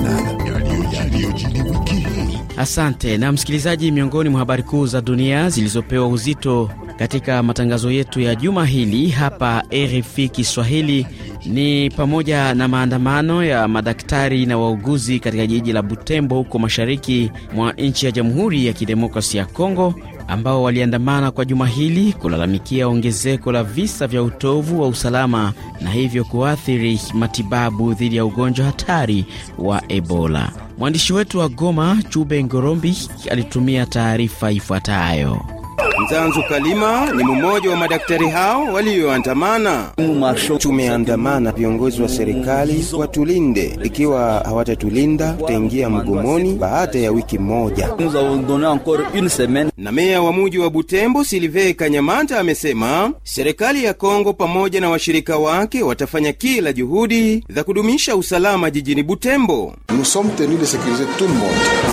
sana. Asante na msikilizaji, miongoni mwa habari kuu za dunia zilizopewa uzito katika matangazo yetu ya juma hili hapa RFI Kiswahili ni pamoja na maandamano ya madaktari na wauguzi katika jiji la Butembo huko mashariki mwa nchi ya Jamhuri ya Kidemokrasi ya Kongo ambao waliandamana kwa juma hili kulalamikia ongezeko la visa vya utovu wa usalama na hivyo kuathiri matibabu dhidi ya ugonjwa hatari wa Ebola. Mwandishi wetu wa Goma Chube Ngorombi alitumia taarifa ifuatayo. Mzanzu Kalima ni mmoja wa madaktari hao walioandamana. Tumeandamana, viongozi wa serikali watulinde, ikiwa hawatatulinda tutaingia mgomoni baada ya wiki moja. Na meya wa muji wa Butembo Silive Kanyamata amesema serikali ya Kongo pamoja na washirika wake watafanya kila juhudi za kudumisha usalama jijini Butembo.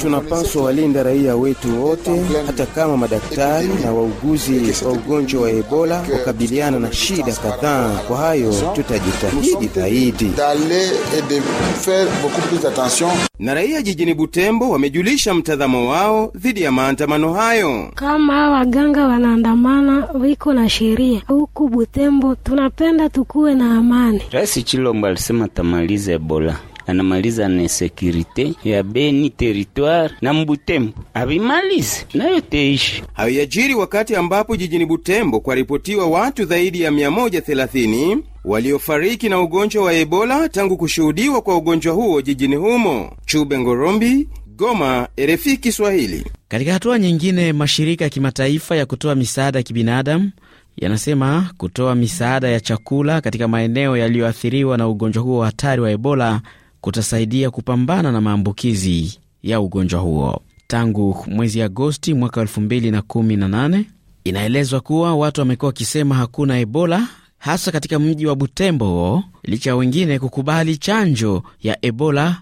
Tunapaswa walinda raia wetu wote, hata kama madaktari na wauguzi wa ugonjwa wa Ebola kukabiliana na shida kadhaa. Kwa hayo tutajitahidi zaidi. Na raia jijini Butembo wamejulisha mtazamo wao dhidi ya maandamano hayo. Kama waganga wanaandamana, wiko na sheria huku Butembo, tunapenda tukuwe na amani. Rais Chilombo alisema atamaliza Ebola anamaliza na insekurite ya Beni territoire na Mbutembo, avimalize nayo teishi hayajiri, wakati ambapo jijini Butembo kwaripotiwa watu zaidi ya 130 waliofariki na ugonjwa wa Ebola tangu kushuhudiwa kwa ugonjwa huo jijini humo. Chube Ngorombi, Goma, RFI Kiswahili. Katika hatua nyingine, mashirika ya kimataifa ya kutoa misaada ya kibinadamu yanasema kutoa misaada ya chakula katika maeneo yaliyoathiriwa na ugonjwa huo hatari wa Ebola kutasaidia kupambana na maambukizi ya ugonjwa huo. Tangu mwezi Agosti mwaka 2018 inaelezwa kuwa watu wamekuwa wakisema hakuna Ebola hasa katika mji wa Butembo, licha wengine kukubali chanjo ya Ebola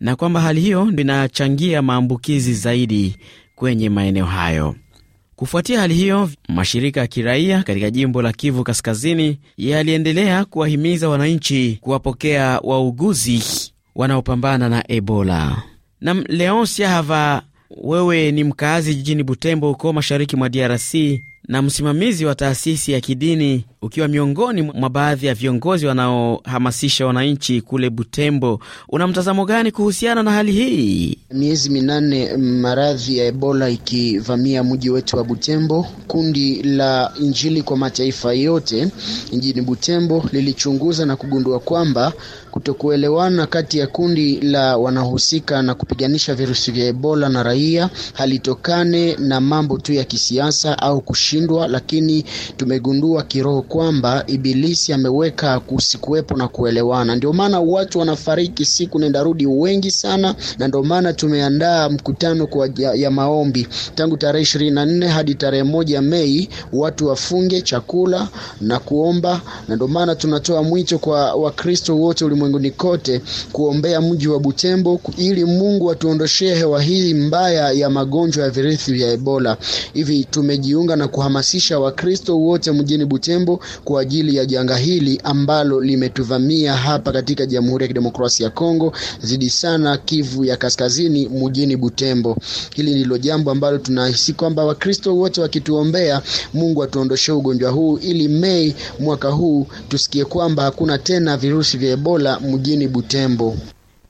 na kwamba hali hiyo inachangia maambukizi zaidi kwenye maeneo hayo. Kufuatia hali hiyo, mashirika ya kiraia katika jimbo la Kivu Kaskazini yaliendelea kuwahimiza wananchi kuwapokea wauguzi wanaopambana na Ebola. Na Leonsia Hava, wewe ni mkaazi jijini Butembo huko mashariki mwa DRC na msimamizi wa taasisi ya kidini ukiwa miongoni mwa baadhi ya viongozi wanaohamasisha wananchi kule Butembo, una mtazamo gani kuhusiana na hali hii? Miezi minane mm, maradhi ya Ebola ikivamia mji wetu wa Butembo, kundi la Injili kwa mataifa yote mjini Butembo lilichunguza na kugundua kwamba kutokuelewana kati ya kundi la wanahusika na kupiganisha virusi vya Ebola na raia halitokane na mambo tu ya kisiasa au kushindwa, lakini tumegundua kiroho kwamba Ibilisi ameweka kusikuwepo na kuelewana. Ndio maana watu wanafariki siku nenda rudi wengi sana, na ndio maana tumeandaa mkutano kwa ya, ya maombi tangu tarehe ishirini na nne hadi tarehe moja Mei, watu wafunge chakula na kuomba, na ndio maana tunatoa mwito kwa Wakristo wote ulimwenguni kote kuombea mji wa Butembo ili Mungu atuondoshee hewa hii mbaya ya magonjwa ya virusi vya Ebola. Hivi tumejiunga na kuhamasisha Wakristo wote mjini Butembo kwa ajili ya janga hili ambalo limetuvamia hapa katika Jamhuri ya Kidemokrasia ya Kongo, zidi sana Kivu ya Kaskazini, mjini Butembo. Hili ndilo jambo ambalo tunahisi kwamba Wakristo wote wakituombea Mungu atuondoshe ugonjwa huu, ili Mei mwaka huu tusikie kwamba hakuna tena virusi vya Ebola mjini Butembo.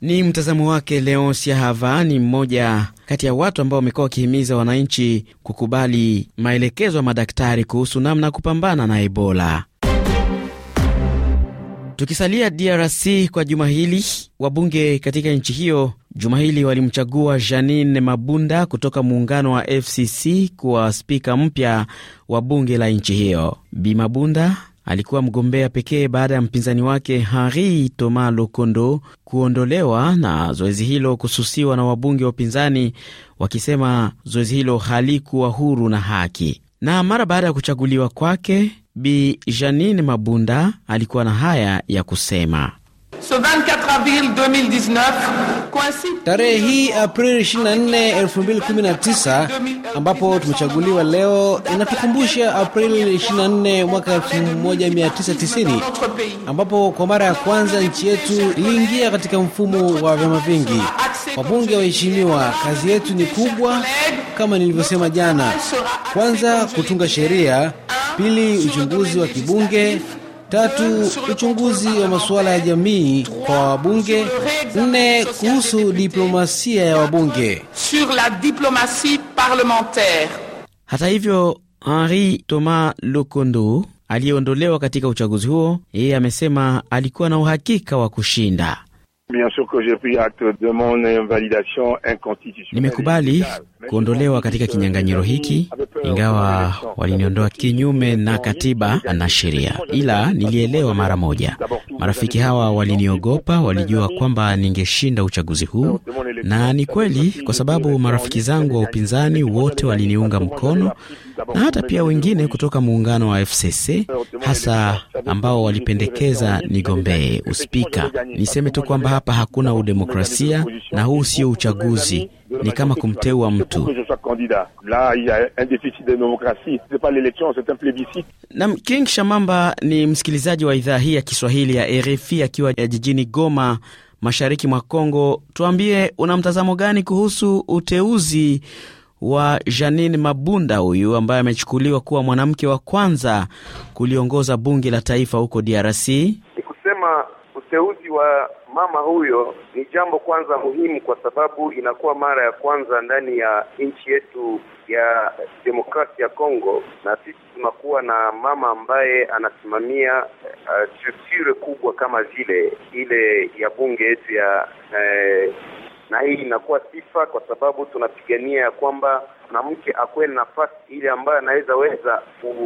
Ni mtazamo wake Leon siahava ni mmoja kati ya watu ambao wamekuwa wakihimiza wananchi kukubali maelekezo ya madaktari kuhusu namna ya kupambana na Ebola. Tukisalia DRC kwa juma hili, wabunge katika nchi hiyo juma hili walimchagua Janine Mabunda kutoka muungano wa FCC kuwa spika mpya wa bunge la nchi hiyo. Bi Mabunda alikuwa mgombea pekee baada ya mpinzani wake Henri Thomas Lokondo kuondolewa na zoezi hilo kususiwa na wabunge wa upinzani wakisema zoezi hilo halikuwa huru na haki. Na mara baada ya kuchaguliwa kwake, Bi Janine Mabunda alikuwa na haya ya kusema. So 24 2019 tarehe hii Aprili 24, 2019 ambapo tumechaguliwa leo, inatukumbusha Aprili 24 mwaka 1990 ambapo kwa mara ya kwanza nchi yetu iliingia katika mfumo wa vyama vingi. Wabunge waheshimiwa, kazi yetu ni kubwa kama nilivyosema jana, kwanza kutunga sheria, pili uchunguzi wa kibunge Tatu, uchunguzi wa masuala ya jamii kwa wabunge. Nne, kuhusu diplomasia ya wabunge. Hata hivyo, Henri Thomas Lokondo aliyeondolewa katika uchaguzi huo, yeye amesema alikuwa na uhakika wa kushinda. Nimekubali kuondolewa katika kinyang'anyiro hiki, ingawa waliniondoa kinyume na katiba na sheria, ila nilielewa mara moja. Marafiki hawa waliniogopa, walijua kwamba ningeshinda uchaguzi huu, na ni kweli, kwa sababu marafiki zangu wa upinzani wote waliniunga mkono na hata pia wengine kutoka muungano wa FCC hasa ambao walipendekeza nigombee uspika. Niseme tu kwamba hapa hakuna udemokrasia na huu sio uchaguzi, ni kama kumteua mtu. Nam King Shamamba ni msikilizaji wa idhaa hii ya Kiswahili ya RFI akiwa jijini Goma, mashariki mwa Kongo. Tuambie, una mtazamo gani kuhusu uteuzi wa Janine Mabunda huyu ambaye amechukuliwa kuwa mwanamke wa kwanza kuliongoza bunge la taifa huko DRC? uteuzi wa mama huyo ni jambo kwanza muhimu, kwa sababu inakuwa mara ya kwanza ndani ya nchi yetu ya demokrasia ya Kongo, na sisi tunakuwa na mama ambaye anasimamia uh, eh, strukture kubwa kama vile ile ya bunge yetu ya uh, na hii inakuwa sifa kwa sababu tunapigania ya kwamba mwanamke akuwe na nafasi ile ambayo anaweza weza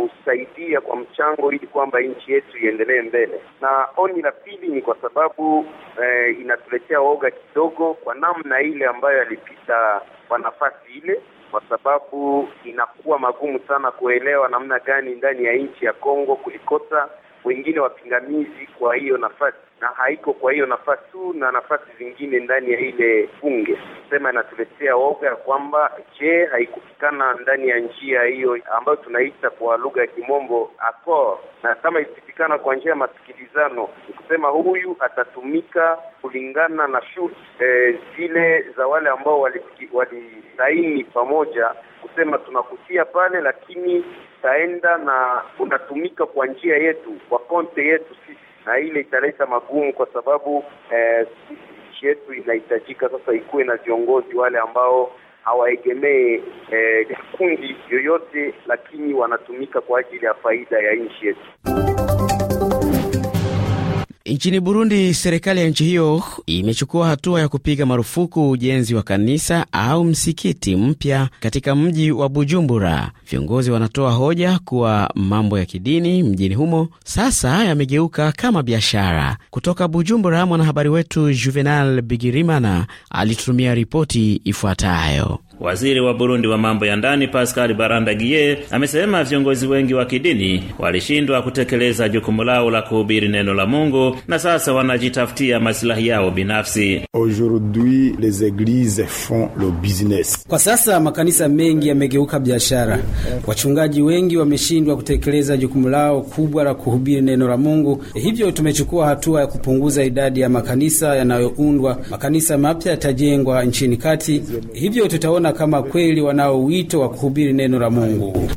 kusaidia kwa mchango ili kwamba nchi yetu iendelee mbele. Na oni la pili ni kwa sababu eh, inatuletea woga kidogo kwa namna ile ambayo alipita kwa nafasi ile kwa sababu inakuwa magumu sana kuelewa namna gani ndani ya nchi ya Kongo kulikosa wengine wapingamizi kwa hiyo nafasi na haiko kwa hiyo nafasi tu na nafasi zingine ndani ya ile bunge. Sema inatuletea woga ya kwamba je, haikufikana ndani ya njia hiyo ambayo tunaita kwa lugha ya Kimombo accord, na kama ikifikana kwa njia ya masikilizano, kusema huyu atatumika kulingana na shurti e, eh, zile za wale ambao walisaini wali pamoja kusema tunakutia pale, lakini taenda na unatumika kwa njia yetu, kwa konte yetu sisi na ile italeta magumu kwa sababu eh, nchi yetu inahitajika sasa ikuwe na viongozi wale ambao hawaegemee eh, kundi yoyote, lakini wanatumika kwa ajili ya faida ya nchi yetu. Nchini Burundi, serikali ya nchi hiyo imechukua hatua ya kupiga marufuku ujenzi wa kanisa au msikiti mpya katika mji wa Bujumbura. Viongozi wanatoa hoja kuwa mambo ya kidini mjini humo sasa yamegeuka kama biashara. Kutoka Bujumbura, mwanahabari wetu Juvenal Bigirimana alitutumia ripoti ifuatayo. Waziri wa Burundi wa mambo ya ndani Pascal Barandagiye amesema viongozi wengi wa kidini walishindwa kutekeleza jukumu lao la kuhubiri neno la Mungu na sasa wanajitafutia masilahi yao binafsi. Aujourd'hui les eglises font le business. Kwa sasa makanisa mengi yamegeuka biashara. Wachungaji wengi wameshindwa kutekeleza jukumu lao kubwa la kuhubiri neno la Mungu. Hivyo tumechukua hatua ya kupunguza idadi ya makanisa yanayoundwa. Makanisa mapya yatajengwa nchini kati. Hivyo tutaona kuona kama kweli wanao wito wa kuhubiri neno la Mungu.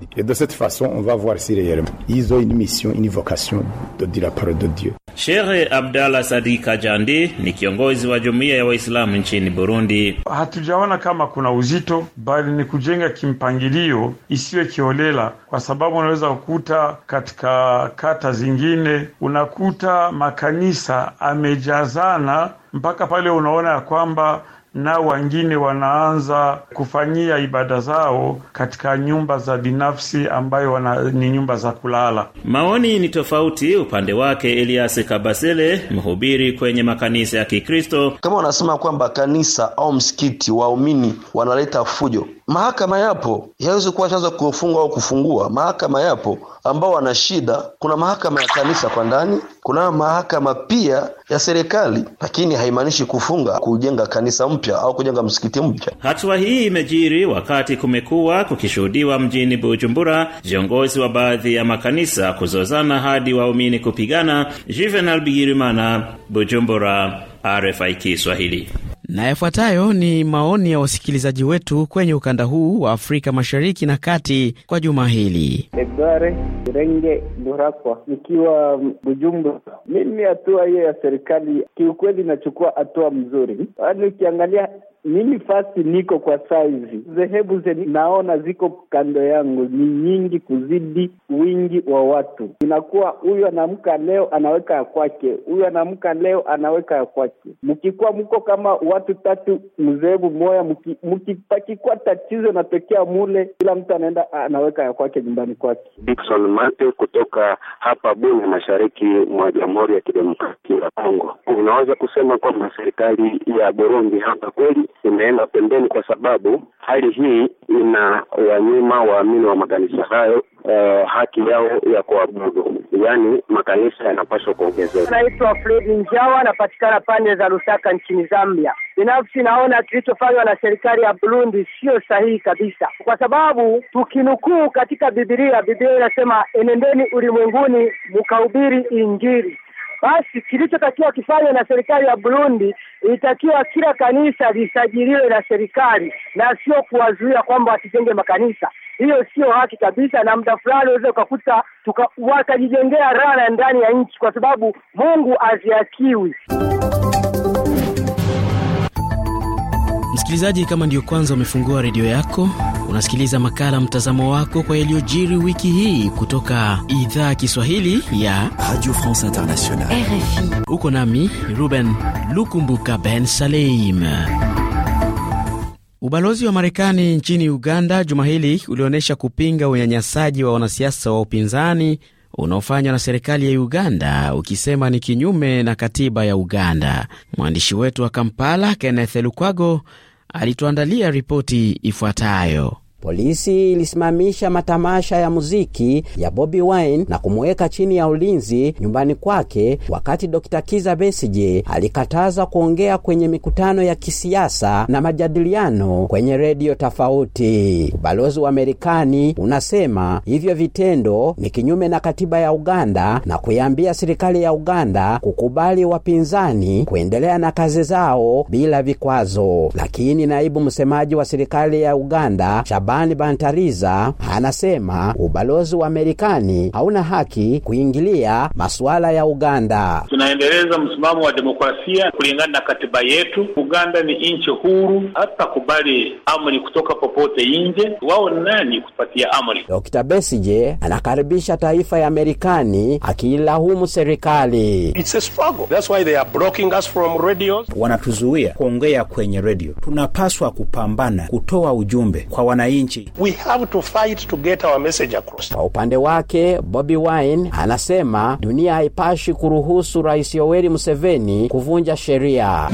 Sheikh Abdallah Sadika Jandi ni kiongozi wa jumuiya ya Waislamu nchini Burundi. Hatujaona kama kuna uzito, bali ni kujenga kimpangilio, isiwe kiholela, kwa sababu unaweza kukuta katika kata zingine unakuta makanisa amejazana mpaka pale unaona ya kwamba na wengine wanaanza kufanyia ibada zao katika nyumba za binafsi ambayo wana, ni nyumba za kulala. Maoni ni tofauti. Upande wake Elias Kabasele, mhubiri kwenye makanisa ya Kikristo, kama wanasema kwamba kanisa au msikiti waumini wanaleta fujo mahakama yapo, yawezi kuwa chanzo kufungwa au kufungua. Mahakama yapo ambao wana shida. Kuna mahakama ya kanisa kwa ndani, kuna mahakama pia ya serikali, lakini haimaanishi kufunga kujenga kanisa mpya au kujenga msikiti mpya. Hatua hii imejiri wakati kumekuwa kukishuhudiwa mjini Bujumbura viongozi wa baadhi ya makanisa kuzozana hadi waumini kupigana. Juvenal Bigirimana, Bujumbura, RFI Kiswahili. Na yafuatayo ni maoni ya wasikilizaji wetu kwenye ukanda huu wa Afrika Mashariki na Kati kwa juma hili. Edware Renge Durakwa nikiwa Bujumbura. Mimi hatua hiyo ya serikali kiukweli inachukua hatua mzuri, yaani ukiangalia mimi fasi niko kwa saizi, dhehebu zenye naona ziko kando yangu ni nyingi kuzidi wingi wa watu. Inakuwa huyu anaamka leo anaweka ya kwake, huyu anaamka leo anaweka ya kwake. Mkikuwa mko kama watu tatu mzeebu moya, mkipakikwa tatizo natokea mule, kila mtu anaenda anaweka ya kwake nyumbani kwake. Dickson Mate kutoka hapa Bunia, mashariki mwa Jamhuri ya Kidemokrasia ya Kongo. Unaweza kusema kwamba serikali ya Burundi hapa kweli imeenda pembeni, kwa sababu hali hii ina wanyima waamini wa makanisa hayo Uh, haki yao ya kuabudu, yaani makanisa yanapaswa kuongezeka. Naitwa Fred Njawa, napatikana pande za Lusaka nchini Zambia. Binafsi naona kilichofanywa na serikali ya Burundi sio sahihi kabisa, kwa sababu tukinukuu katika Biblia, Biblia inasema enendeni ulimwenguni mkahubiri Injili. Basi kilichotakiwa kifanywe na serikali ya Burundi, ilitakiwa kila kanisa lisajiliwe na serikali na sio kuwazuia kwamba wasijenge makanisa. Hiyo sio haki kabisa, na muda fulani unaweza ukakuta wakajijengea rana ndani ya nchi, kwa sababu Mungu aziakiwi. Msikilizaji, kama ndiyo kwanza umefungua redio yako, unasikiliza makala mtazamo wako kwa yaliyojiri wiki hii kutoka idhaa Kiswahili ya Radio France Internationale, RFI. Uko nami Ruben Lukumbuka Ben Saleim. Ubalozi wa Marekani nchini Uganda juma hili ulionyesha kupinga unyanyasaji wa wanasiasa wa upinzani unaofanywa na serikali ya Uganda ukisema ni kinyume na katiba ya Uganda. Mwandishi wetu wa Kampala Kenneth Lukwago alituandalia ripoti ifuatayo. Polisi ilisimamisha matamasha ya muziki ya Bobi Wine na kumweka chini ya ulinzi nyumbani kwake, wakati Dr. Kiza Besije alikataza kuongea kwenye mikutano ya kisiasa na majadiliano kwenye redio tofauti. Ubalozi wa Marekani unasema hivyo vitendo ni kinyume na katiba ya Uganda na kuiambia serikali ya Uganda kukubali wapinzani kuendelea na kazi zao bila vikwazo. Lakini naibu msemaji wa serikali ya Uganda Shab Shabani Bantariza anasema ubalozi wa Marekani hauna haki kuingilia masuala ya Uganda. Tunaendeleza msimamo wa demokrasia kulingana na katiba yetu. Uganda ni nchi huru, hata kubali amri kutoka popote nje. Wao nani kupatia amri? Dr. Besije anakaribisha taifa ya Marekani akiilaumu serikali. It's a struggle. That's why they are blocking us from radios. Wanatuzuia kuongea kwenye redio. Tunapaswa kupambana kutoa ujumbe kwa wananchi nchi. We have to fight to get our message across. Kwa upande wake, Bobi Wine anasema dunia haipashi kuruhusu Rais Yoweri Museveni kuvunja sheria.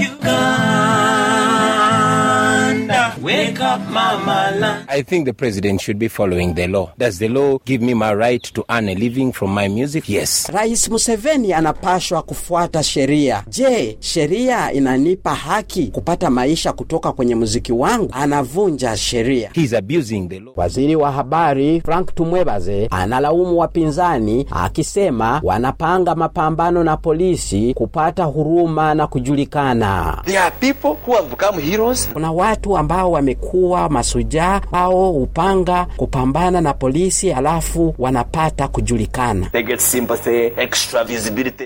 Wake up, Mama I think the president should be following the law. Does the law give me my right to earn a living from my music? Yes. Rais Museveni anapashwa kufuata sheria. Je, sheria inanipa haki kupata maisha kutoka kwenye muziki wangu? Anavunja sheria. He's abusing the law. Waziri wa habari Frank Tumwebaze analaumu wapinzani akisema wanapanga mapambano na polisi kupata huruma na kujulikana. There are people who have become heroes. Kuna watu ambao wamekuwa masujaa au upanga kupambana na polisi, alafu wanapata kujulikana.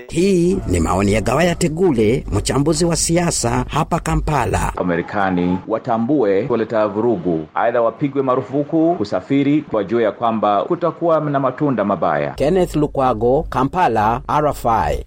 Hii ni maoni ya Gawaya Tegule, mchambuzi wa siasa hapa Kampala. Amerikani watambue kuleta vurugu, aidha wapigwe marufuku kusafiri, kwa juu ya kwamba kutakuwa na matunda mabaya. Kenneth Lukwago, Kampala, RFI.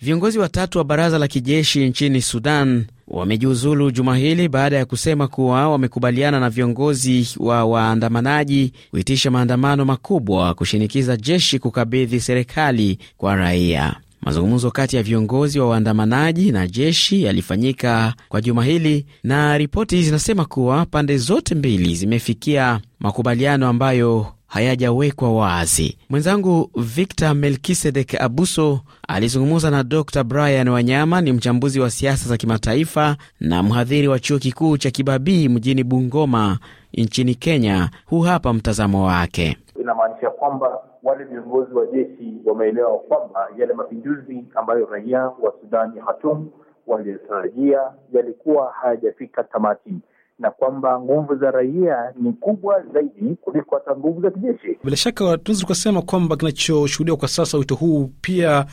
Viongozi watatu wa baraza la kijeshi nchini Sudan wamejiuzulu juma hili baada ya kusema kuwa wamekubaliana na viongozi wa waandamanaji kuitisha maandamano makubwa kushinikiza jeshi kukabidhi serikali kwa raia. Mazungumzo kati ya viongozi wa waandamanaji na jeshi yalifanyika kwa juma hili, na ripoti zinasema kuwa pande zote mbili zimefikia makubaliano ambayo hayajawekwa wazi. Mwenzangu Victor Melkisedek Abuso alizungumza na Dr Brian Wanyama, ni mchambuzi wa siasa za kimataifa na mhadhiri wa chuo kikuu cha Kibabii mjini Bungoma nchini Kenya. Huu hapa mtazamo wake. Inamaanisha kwamba wale viongozi wa jeshi wameelewa kwamba yale mapinduzi ambayo raia wa Sudani Hatum waliyotarajia yalikuwa hayajafika tamati na kwamba nguvu za raia ni kubwa zaidi kuliko hata nguvu za kijeshi. Bila shaka tunaweza tukasema kwamba kinachoshuhudiwa kwa sasa, wito huu pia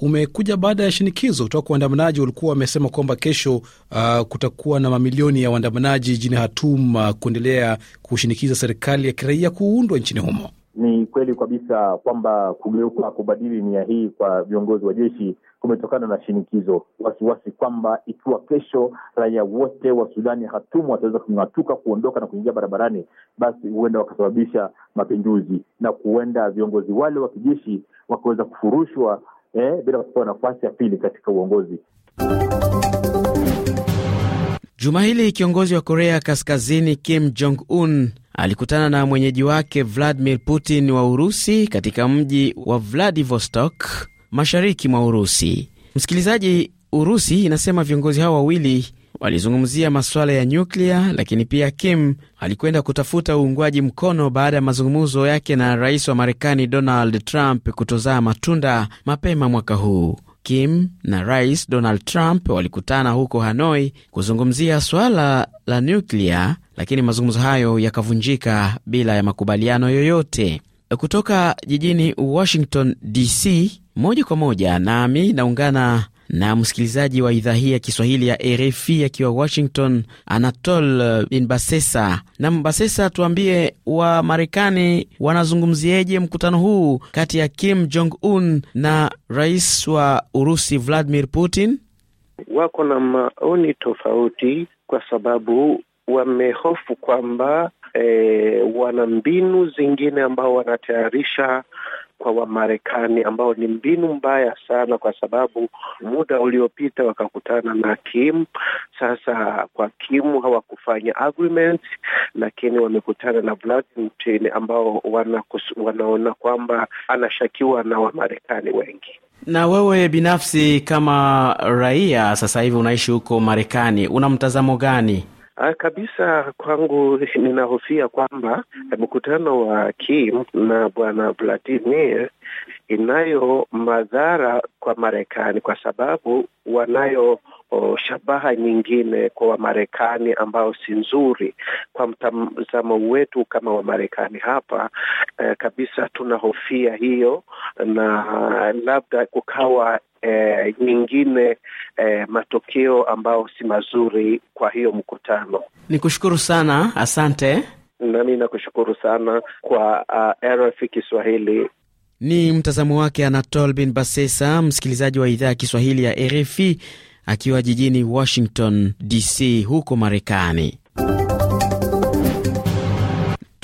umekuja baada ya shinikizo kutoka kwa waandamanaji. Walikuwa wamesema kwamba kesho, uh, kutakuwa na mamilioni ya waandamanaji jijini Khartoum uh, kuendelea kushinikiza serikali ya kiraia kuundwa nchini humo. Ni kweli kabisa kwamba kugeuka kubadili nia hii kwa viongozi wa jeshi kumetokana na shinikizo, wasiwasi kwamba ikiwa kesho raia wote wa Sudani hatumu wataweza kung'atuka kuondoka na kuingia barabarani, basi huenda wakasababisha mapinduzi na kuenda viongozi wale wa kijeshi wakaweza kufurushwa eh, bila kupewa nafasi ya pili katika uongozi. Juma hili kiongozi wa Korea Kaskazini Kim Jong Un alikutana na mwenyeji wake Vladimir Putin wa Urusi katika mji wa Vladivostok mashariki mwa Urusi. Msikilizaji, Urusi inasema viongozi hao wawili walizungumzia masuala ya nyuklia, lakini pia Kim alikwenda kutafuta uungwaji mkono baada ya mazungumzo yake na rais wa Marekani Donald Trump kutozaa matunda mapema mwaka huu. Kim na rais Donald Trump walikutana huko Hanoi kuzungumzia swala la nyuklia, lakini mazungumzo hayo yakavunjika bila ya makubaliano yoyote. Kutoka jijini Washington DC, moja kwa moja, nami naungana na msikilizaji wa idhaa hii ya Kiswahili ya RFI akiwa Washington, Anatol bin uh, Basesa. Nam Basesa, tuambie wa Marekani wanazungumzieje mkutano huu kati ya Kim Jong Un na rais wa Urusi Vladimir Putin? Wako na maoni tofauti kwa sababu wamehofu kwamba e, wana mbinu zingine ambao wanatayarisha kwa Wamarekani, ambao ni mbinu mbaya sana, kwa sababu muda uliopita wakakutana na Kim. Sasa kwa Kim hawakufanya agreement, lakini wamekutana na Vladimir Putin ambao wanaona kwamba anashakiwa na Wamarekani wengi. Na wewe binafsi kama raia sasa hivi unaishi huko Marekani, una mtazamo gani? A, ah, kabisa kwangu ninahofia kwamba mkutano wa Kim na bwana Vladimir inayo madhara kwa Marekani kwa sababu wanayo O, shabaha nyingine kwa Wamarekani ambao si nzuri kwa mtazamo wetu kama Wamarekani hapa eh, kabisa tunahofia hiyo, na labda kukawa eh, nyingine eh, matokeo ambao si mazuri kwa hiyo mkutano. Nikushukuru sana, asante. Nami nakushukuru sana kwa uh, RFI Kiswahili ni mtazamo wake Anatol Bin Basesa, msikilizaji wa idhaa ya Kiswahili ya RFI akiwa jijini Washington DC huko Marekani.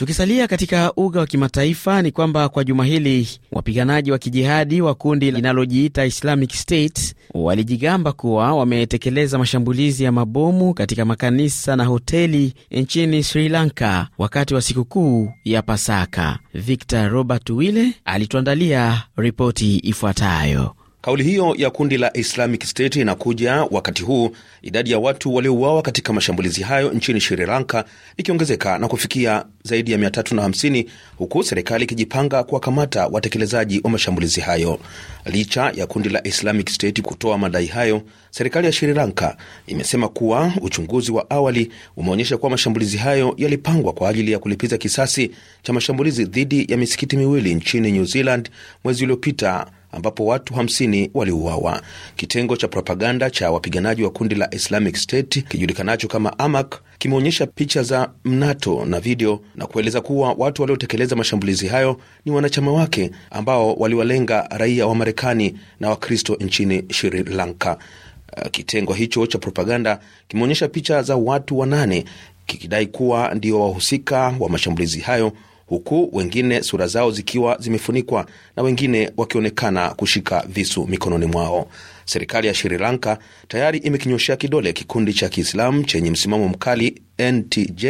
Tukisalia katika uga wa kimataifa ni kwamba kwa juma hili wapiganaji wa kijihadi wa kundi linalojiita Islamic State walijigamba kuwa wametekeleza mashambulizi ya mabomu katika makanisa na hoteli nchini Sri Lanka wakati wa sikukuu ya Pasaka. Victor Robert Wille alituandalia ripoti ifuatayo. Kauli hiyo ya kundi la Islamic State inakuja wakati huu idadi ya watu waliouawa katika mashambulizi hayo nchini Sri Lanka ikiongezeka na kufikia zaidi ya 350 huku serikali ikijipanga kuwakamata watekelezaji wa mashambulizi hayo. Licha ya kundi la Islamic State kutoa madai hayo, Serikali ya Sri Lanka imesema kuwa uchunguzi wa awali umeonyesha kuwa mashambulizi hayo yalipangwa kwa ajili ya kulipiza kisasi cha mashambulizi dhidi ya misikiti miwili nchini New Zealand mwezi uliopita ambapo watu 50 waliuawa. Kitengo cha propaganda cha wapiganaji wa kundi la Islamic State kijulikanacho kama Amak kimeonyesha picha za mnato na video na kueleza kuwa watu waliotekeleza mashambulizi hayo ni wanachama wake ambao waliwalenga raia wa Marekani na Wakristo nchini Sri Lanka. Eh, kitengo hicho cha propaganda kimeonyesha picha za watu wanane kikidai kuwa ndio wahusika wa mashambulizi hayo, huku wengine sura zao zikiwa zimefunikwa na wengine wakionekana kushika visu mikononi mwao. Serikali ya Sri Lanka tayari imekinyoshea kidole kikundi cha Kiislamu chenye msimamo mkali NTJ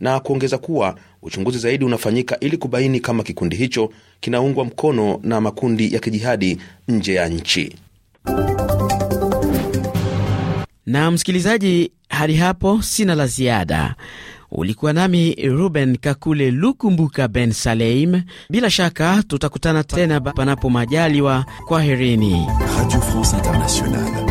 na kuongeza kuwa uchunguzi zaidi unafanyika ili kubaini kama kikundi hicho kinaungwa mkono na makundi ya kijihadi nje ya nchi. Na msikilizaji, hadi hapo sina la ziada. Ulikuwa nami Ruben Kakule Lukumbuka Ben Saleim. Bila shaka tutakutana tena panapo majaliwa. Kwaherini. Radio France Internationale.